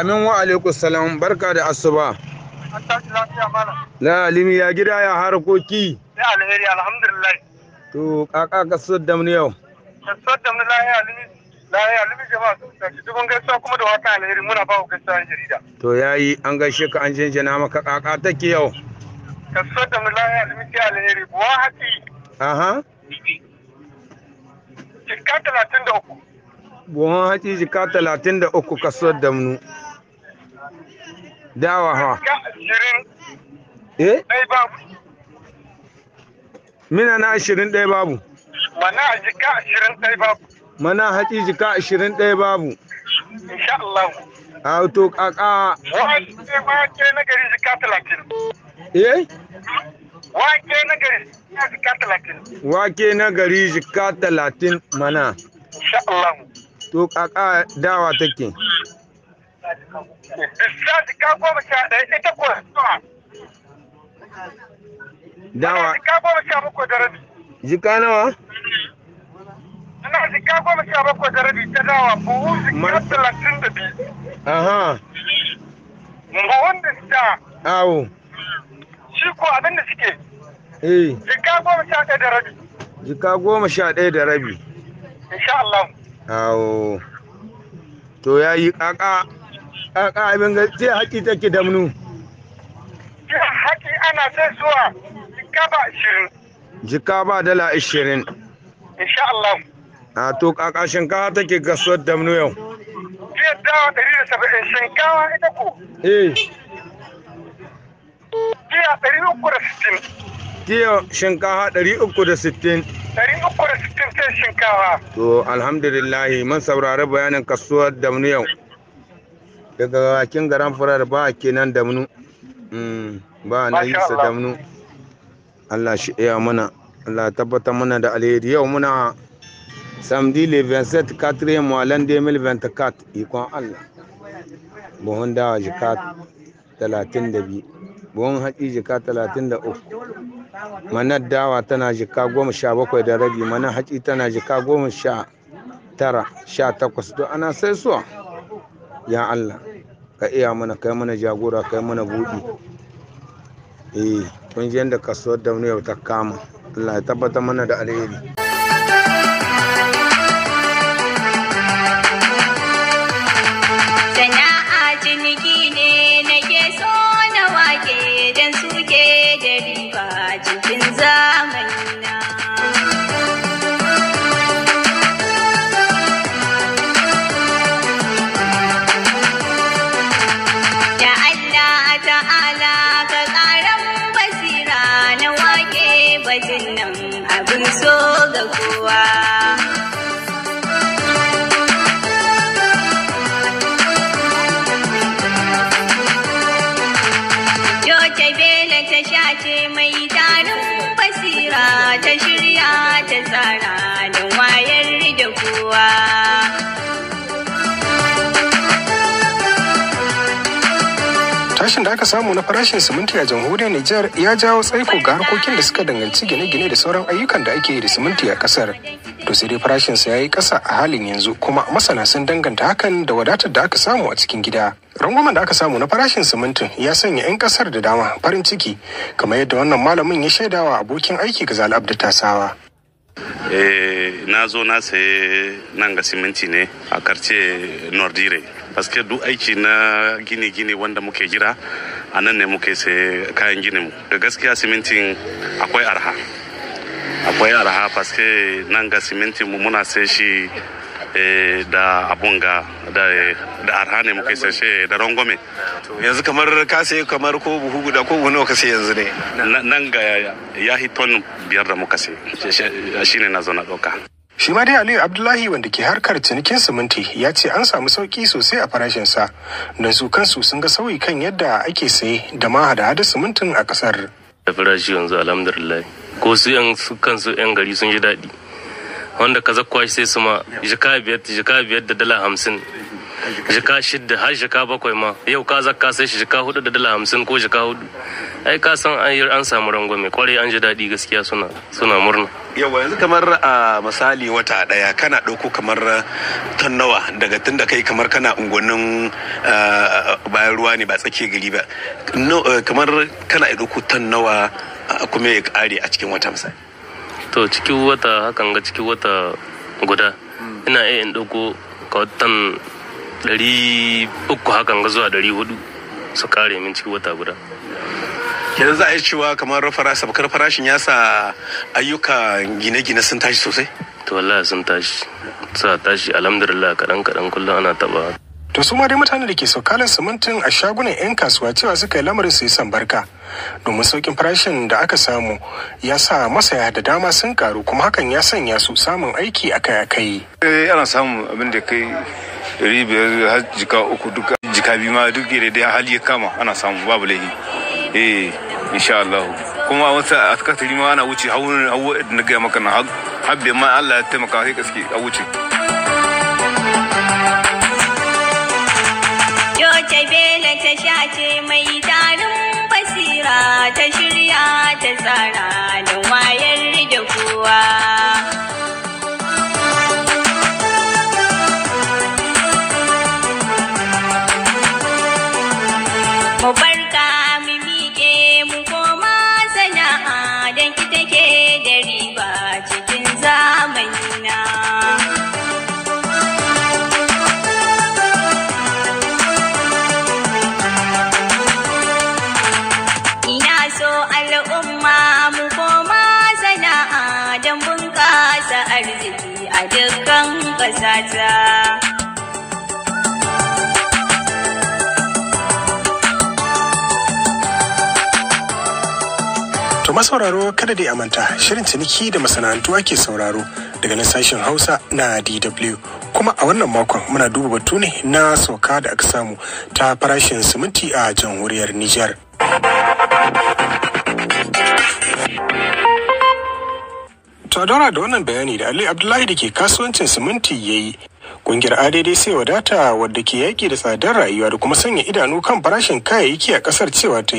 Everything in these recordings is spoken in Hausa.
Amin wa alaikum salam barka da asuba. An tashi lafiya malam. Lalimi ya gida ya harkoki. Ya alheri alhamdulillah. To kaka ka so da mun yau. Ka so da mun lahiya alimi lahiya alimi jama'a ka dubun gaisuwa kuma da wata alheri muna ba ku gaisuwa an jarida. To yayi an gaishe ka an na maka kaka take yau. Ka so da mun lahiya alimi ya alheri buwa haki Aha. Jika talatin da uku. Buwan hati jika talatin da uku ka so da mun dawa ha eh mina na ashirin ɗaya babu mana a jika ashirin ɗaya babu mana haƙi jika ashirin ɗaya babu insha Allah a to kaka ke na gari jika talatin eh wake na gari jika talatin wake na gari jika talatin mana insha Allah to kaka dawa take Ka goma sha ɗaya ita ko Dawa. Ka goma sha bakwai da rabi. Jika nawa? Ina jika goma sha bakwai da rabi ta dawa buhu jika talatin da biyu. Aha. Buhun da sha. Awo. Shi ko abin da suke. Eh. Jika goma sha ɗaya da rabi. Jika goma sha ɗaya da rabi. Insha Allah. Awo. To ya yi ƙaƙa. abin ga ce haƙi take damnu Jiya haƙi ana sai zuwa jika ba ashirin jika ba dala ashirin insha Allah a to ƙaƙa shinkawa take gasuwar damnu yau jiya dawa ɗari da saba'in shinkawa ita ko eh jiya ɗari uku da sittin jiya shinkawa ɗari uku da sittin ɗari uku da sittin sai shinkawa to alhamdulillah mun saurari bayanin kasuwar damnu yau daga bakin garan furar ba kenan damnu mm, ba na yi sa damnu Allah shi iya mana Allah tabbatar mana da alheri yau muna samdi le 27 katre mois l'an 2024 ikon Allah buhun dawa jika 32 buhun haƙi jika 33 manar dawa tana jika 17 da rabi manar haƙi tana jika 19 18 to ana sai suwa ya Allah ka iya mana kai mana jagora kai mana buɗi eh kun ji yadda kasuwar da ta kama Allah ya tabbata mana da alheri rayuwa tashin da aka samu na farashin siminti a jamhuriyar Nijar ya jawo tsaiko ga harkokin da suka danganci gine-gine da sauran ayyukan da ake yi da siminti a kasar. To sai dai farashinsa ya yi ƙasa a halin yanzu kuma masana sun danganta hakan da wadatar da aka samu a cikin gida. Rangwamen da aka samu na farashin simintin ya sanya 'yan kasar da dama farin ciki kamar yadda wannan malamin ya shaidawa abokin aiki ga Zalab da Tasawa. Eh, na zo na saye nan ga siminti ne a karce nordire paske duk aiki na gine-gine wanda muke jira a nan ne muke saye kayan ginin mu da gaskiya simintin akwai arha akwai arha paske nan ga simintin mu muna sai shi Eh, da abunga da arhane muka sashe da rangwame yanzu kamar ka sayi kamar ko buhu guda ko buhu nawa ka sayi yanzu ne nan ga ya ton biyar da muka sayi ne na zo na ɗauka Shi ma dai Aliyu Abdullahi wanda ke harkar cinikin siminti ya ce an samu sauki sosai a farashinsa don su kansu sun ga sauyi kan yadda ake saye da ma hada-hada simintin a kasar. Da farashi yanzu alhamdulillah ko su yan kansu yan gari sun ji daɗi wanda ka zakkuwa shi sai su ma jika biyar jika biyar da dala hamsin jika shidda har jika bakwai ma yau ka zakka sai shi jika hudu da dala hamsin ko jika hudu ai ka san an an samu mai kwarai an ji daɗi gaskiya suna suna murna yawa yanzu kamar a misali wata daya kana ɗauko kamar uh, ton nawa daga tun da kai kamar kana unguwannin uh, uh, bayan ruwa ne ba tsakiyar gari ba kamar kana ɗauko ton nawa kuma ya ƙare a cikin wata misali to cikin wata hakan ga cikin wata guda hmm. ina iya in ɗauko watan ɗari uku hakan ga zuwa ɗari hudu su kare min cikin wata guda yanzu za a yi cewa kamar sabkar farashin ya sa ayyuka gine-gine sun tashi sosai to wallahi sun tashi sa tashi alhamdulillah kaɗan-kaɗan kullum ana taɓa to su ma dai mutane da ke saukalin simintin a shagunan 'yan kasuwa cewa suka yi lamarin su yi san barka domin saukin farashin da aka samu ya sa masaya da dama sun karu kuma hakan ya sanya su samun aiki a kai akai-akai. Eh, ana samun abin da kai ɗari biyar har jika uku duka jika biyu ma duk daidai hali ya kama ana samu babu laifi eh insha Allah kuma wasu askatari ma ana wuce hawan hawa da na gaya maka na habbe ma Allah ya taimaka sai gaske a wuce. maidanin basira ta shirya ta tsara da wayar da kowa. caca To masauraro kada dai a manta shirin ciniki da masana'antu ake sauraro daga nan sashen Hausa na DW. Kuma a wannan makon muna duba batu ne na sauka da aka samu ta farashin siminti a jamhuriyar Nijar. To da wannan bayani da Ali Abdullahi da ke kasuwancin siminti ya yi, kungiyar ADD sai wadata wadda ke yaƙi da tsadar rayuwa da kuma sanya idanu kan farashin kayayyaki a ƙasar cewa ta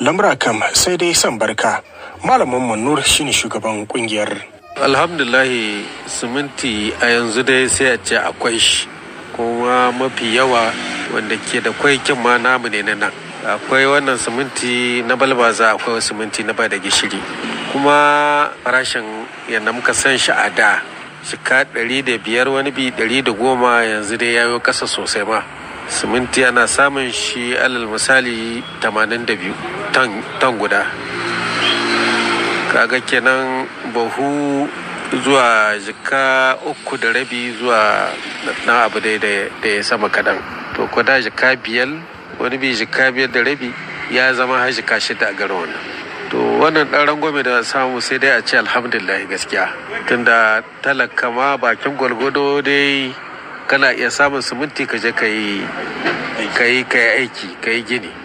lamura kam sai dai san barka. Malamin Manur shine shugaban kungiyar. Alhamdulahi siminti a yanzu dai sai a ce akwai shi kuma mafi yawa wanda ke da kwaikin ma namu ne na nan. Akwai wannan siminti na balbaza akwai siminti na ba da gishiri. kuma farashin yadda muka san shi a da shika ɗari da biyar wani bi ɗari da goma yanzu dai yayo ƙasa sosai ma siminti yana samun shi alal misali 82 tan guda kaga kenan bahu zuwa jika uku da rabi zuwa na abu dai da ya sama kadan to kwada jika biyar wani bi jika biyar da rabi ya zama har jika shida a garin wannan wannan ɗan rangwame da samu sai dai a ce alhamdulillah gaskiya tunda talaka ma bakin gwalgwado dai kana iya samun siminti ka je ka yi aiki ka yi gini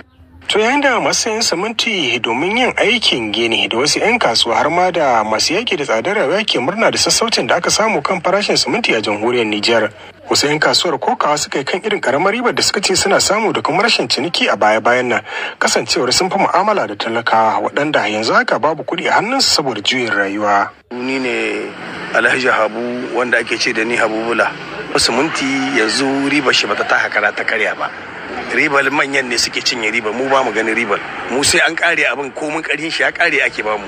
To yayin da masu siminti domin yin aikin gini da wasu 'yan kasuwa har ma da masu yaki da tsadar rayuwa ke murna da sassaucin da aka samu kan farashin siminti a jamhuriyar Nijar. Wasu 'yan kasuwar kokawa suka yi kan irin karamar ribar da suka ce suna samu da kuma rashin ciniki a baya-bayan nan kasancewar sun fi mu'amala da talakawa waɗanda yanzu haka babu kuɗi a hannunsu saboda juyin rayuwa. Ni ne Alhaji Habu wanda ake ce da ni Habubula. Siminti yanzu ribar shi bata ta hakara ta karya ba. ribal manyan ne suke cinye riba mu ba mu gani ribal mu sai an kare abin ko mun karin shi ya kare ake ba mu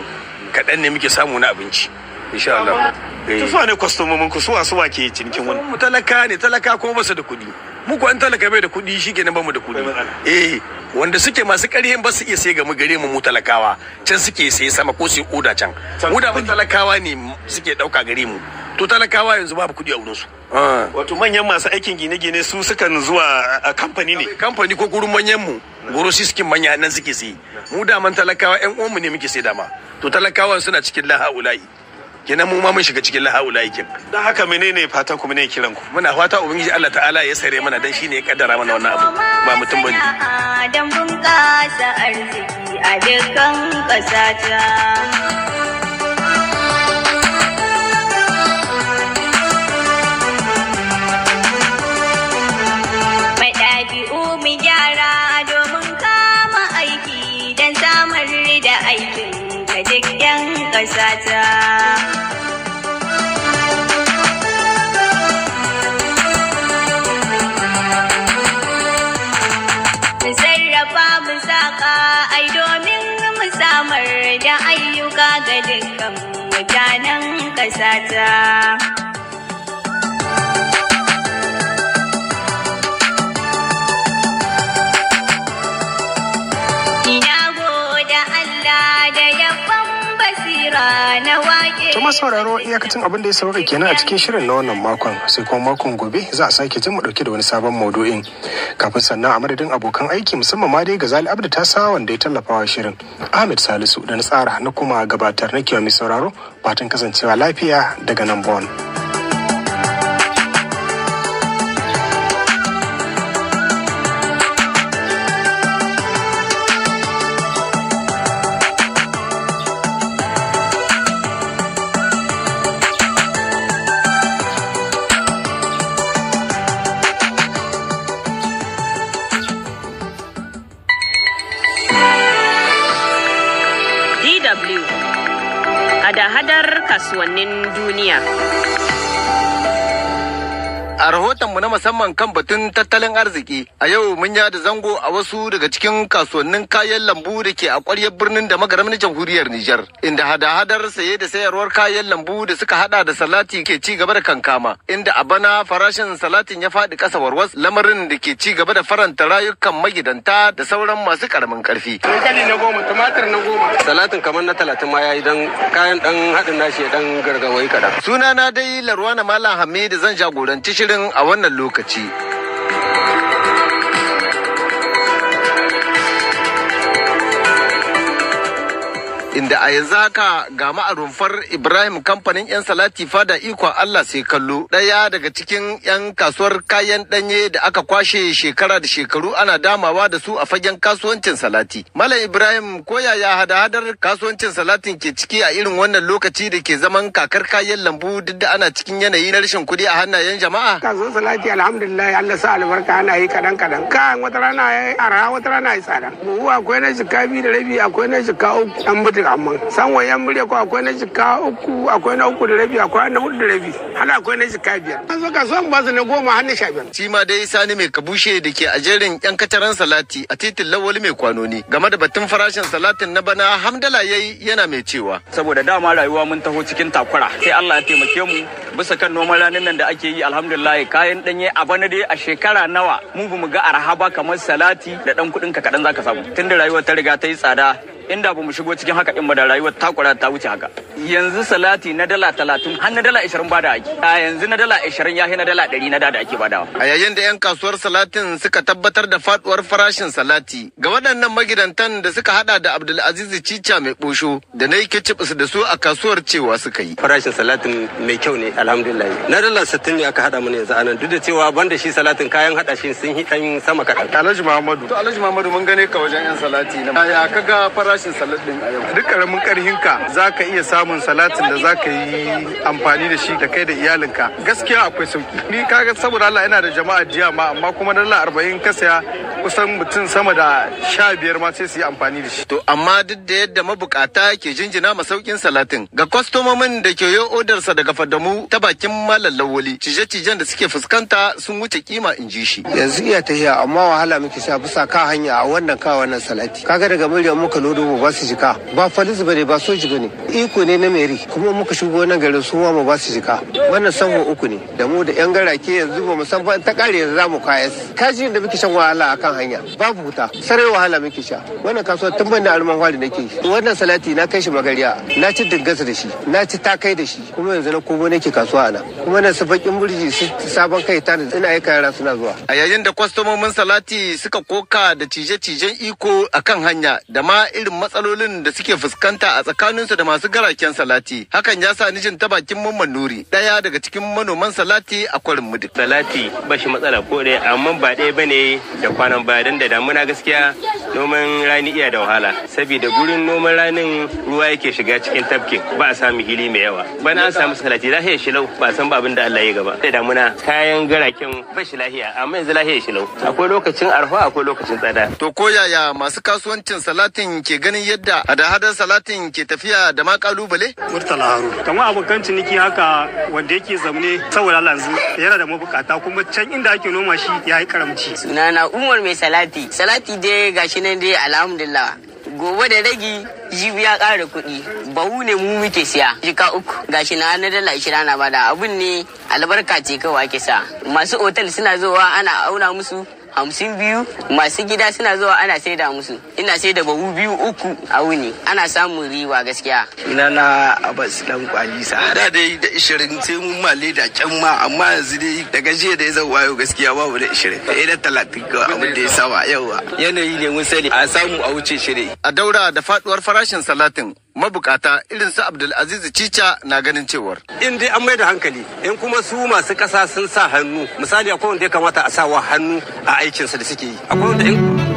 kaɗan ne muke samu na abinci insha Allah eh. tufa ne kwastomomin ku suwa suwa ke cinikin wani mu talaka ne talaka ko basu da kuɗi mu ko an talaka bai da kuɗi shi kenan ba mu da kuɗi eh wanda suke masu ƙarhin ba su iya sai ga mu gare mu mu talakawa can suke sai sama ko su oda can mu da mun talakawa ne suke ɗauka gare mu to talakawa yanzu babu kudi a wurinsu. Ah. wato manyan masu aikin gine-gine su sukan zuwa a kamfani ne kamfani ko gurin manyan mu goro siskin manya nan suke sai mu daman talakawa yan mu ne muke sai dama to talakawa suna cikin ulai kenan mu ma mun shiga cikin ulai kin dan haka menene fatan ku menene kiran ku muna fata ubangiji Allah ta'ala ya sare mana dan shine ya kaddara mana wannan abu ba mutum bane dan bunƙasa arziki a dukkan ƙasata ƙasata. samar da ayyuka ga dukkan mutanen ƙasata. Tuma sauraro iyakacin abin da ya saurari kenan a cikin shirin na wannan makon sai kuma makon gobe za a sake jin mu dauke da wani sabon maudu'in. Kafin sannan a madadin abokan aiki musamman ma dai ga Zali Abdu ta sa wanda ya tallafawa shirin. Ahmed Salisu da na tsara na kuma gabatar na kiwa mai sauraro fatan kasancewa lafiya daga nan Bon. kasuwannin duniya. A rahoton mu na musamman kan batun tattalin arziki, a yau mun da zango a wasu daga cikin kasuwannin kayan lambu da ke a ƙwaryar birnin da magaramin jamhuriyar Nijar, inda hada-hadar saye da sayarwar kayan lambu da suka hada da salati ke ci gaba da kankama, inda a bana farashin salatin ya faɗi ƙasa warwas lamarin da ke ci gaba da faranta rayukan magidanta da sauran masu ƙaramin ƙarfi. Dankali na goma, tumatir na goma. Salatin kamar na talatin ma ya yi dan kayan dan haɗin nashi ya dan gargawai kaɗan. Sunana dai Larwana Malam Hamidu zan jagoranci shirin shirin a wannan lokaci. inda a yanzu haka ga a rumfar ibrahim kamfanin 'yan salati fada ikon allah sai kallo ɗaya daga cikin 'yan kasuwar kayan ɗanye da aka kwashe shekara da shekaru ana damawa da su a fagen kasuwancin salati malam ibrahim ko yaya hada-hadar kasuwancin salatin ke ciki a irin wannan lokaci da ke zaman kakar kayan lambu duk da ana cikin yanayi na rashin kuɗi a hannayen jama'a kasuwar salati alhamdulillah allah sa albarka ana yi kaɗan kaɗan kayan wata rana ya arha wata rana ya tsada buhu akwai na shika biyu da rabi akwai na shika uku music amma san wayan murya ko akwai na jika uku akwai na uku da rabi akwai na hudu da rabi har akwai na jika biyar an zaka son ba su na goma har na sha biyar. shi ma dai sani mai kabushe da ke a jerin yan kataran salati a titin lawali mai kwanoni game da batun farashin salatin na bana hamdala yayi yana mai cewa. saboda dama rayuwa mun taho cikin takura sai Allah ya taimake mu bisa kan noman ranar nan da ake yi alhamdulillah kayan danye a bana dai a shekara nawa mu bamu ga arhaba kamar salati da dan kudin ka kaɗan zaka samu tunda rayuwa ta riga ta yi tsada inda ba mu shigo cikin haka din ba da rayuwar takura ta wuce haka yanzu salati na dala talatin har na dala ishirin bada ake a yanzu na dala ishirin ya na dala ɗari na da ake badawa. a yayin da 'yan kasuwar salatin suka tabbatar da faduwar farashin salati ga waɗannan magidantan da suka hada da abdulaziz cica mai ɓusho da na yi kicibis da su a kasuwar cewa suka yi farashin salatin mai kyau ne alhamdulillah na dala sittin ne aka hada mana yanzu anan duk da cewa banda shi salatin kayan hada shi sun yi ɗan sama kaɗan alhaji muhammadu to alhaji muhammadu mun gane ka wajen 'yan salati na ya kaga farashin salatin a yau duk karamin karhinka za ka iya samu samun salatin da za ka yi amfani da shi da kai da iyalinka gaskiya akwai sauki ni kaga saboda Allah yana da jama'a jiya ma amma kuma dala arba'in ka saya kusan mutum sama da sha biyar ma sai su yi amfani da shi. To amma duk da yadda mabukata ke jinjina ma saukin salatin ga kwastomomin da ke odar odarsa daga fadamu ta bakin malam lawali cije-cijen da suke fuskanta sun wuce kima in ji shi. Yanzu iya hiya amma wahala muke sha bisa ka hanya a wannan ka wannan salati. Kaga daga miliyan muka lodo ba su jika ba falis bane ba soji bane iko ne na meri kuma muka shigo nan garin su ma mu ba su jika wannan sanwa uku ne da mu da yan garake yanzu ba mu san ba ta kare yanzu za mu kaya kaji da muke shan wahala akan hanya babu huta sare wahala muke sha wannan kasuwa tun ban da alman hwari nake wannan salati na kai shi magariya na ci dingasa da shi na ci takai da shi kuma yanzu na komo nake kasuwa ana kuma na su bakin burji su sabon kai ta ina aika yara suna zuwa a yayin da kwastomomin salati suka koka da cije-cijen iko akan hanya da ma irin matsalolin da suke fuskanta a tsakaninsu da masu garaken waken salati hakan ya sa ni jin ta bakin mamman nuri ɗaya daga cikin manoman salati a kwarin mudik salati ba shi matsala ko ɗaya amma ba ɗaya bane da kwanan baya dan da damuna gaskiya noman rani iya da wahala saboda gurin noman ranin ruwa yake shiga cikin tafkin ba a samu hili mai yawa bana an samu salati lahiya shilau ba san ba abin da Allah ya gaba da damuna kayan garaken ba shi lahiya amma yanzu lahiya shilau akwai lokacin arfa akwai lokacin tsada to ko yaya masu kasuwancin salatin ke ganin yadda hada-hadar salatin ke tafiya da ma kalubale? Murtala Haru. Kamar abokan ciniki haka wanda yake zaune saboda lanzu yana da mabukata kuma can inda ake noma shi ya yi karamci. Sunana Umar Mai Salati. Salati dai gashi nan dai alhamdulillah. Gobe da ragi jibi ya ƙara kuɗi bahu ne mu muke siya jika uku gashi na na dala ishirin na bada abun ne albarka ce kawai ake sa masu otal suna zuwa ana auna musu hamsin biyu masu gida suna zuwa ana saida musu ina saida bahu biyu uku a wuni ana samun riwa gaskiya ina na abas dan kwalisa da dai da ishirin sai mun ma leda can ma amma yanzu dai daga jiya da ya zan wayo gaskiya babu da ishirin sai eh, da talatin ga abin da ya sawa yawa yanayi ne mun sani a samu a wuce shiri a daura da faduwar farashin salatin mabukata irin su abdulaziz cica na ganin cewar in dai an mai da hankali in kuma su masu kasa sun sa hannu misali akwai wanda ya kamata a sawa hannu a aikinsa da suke yi akwai wanda in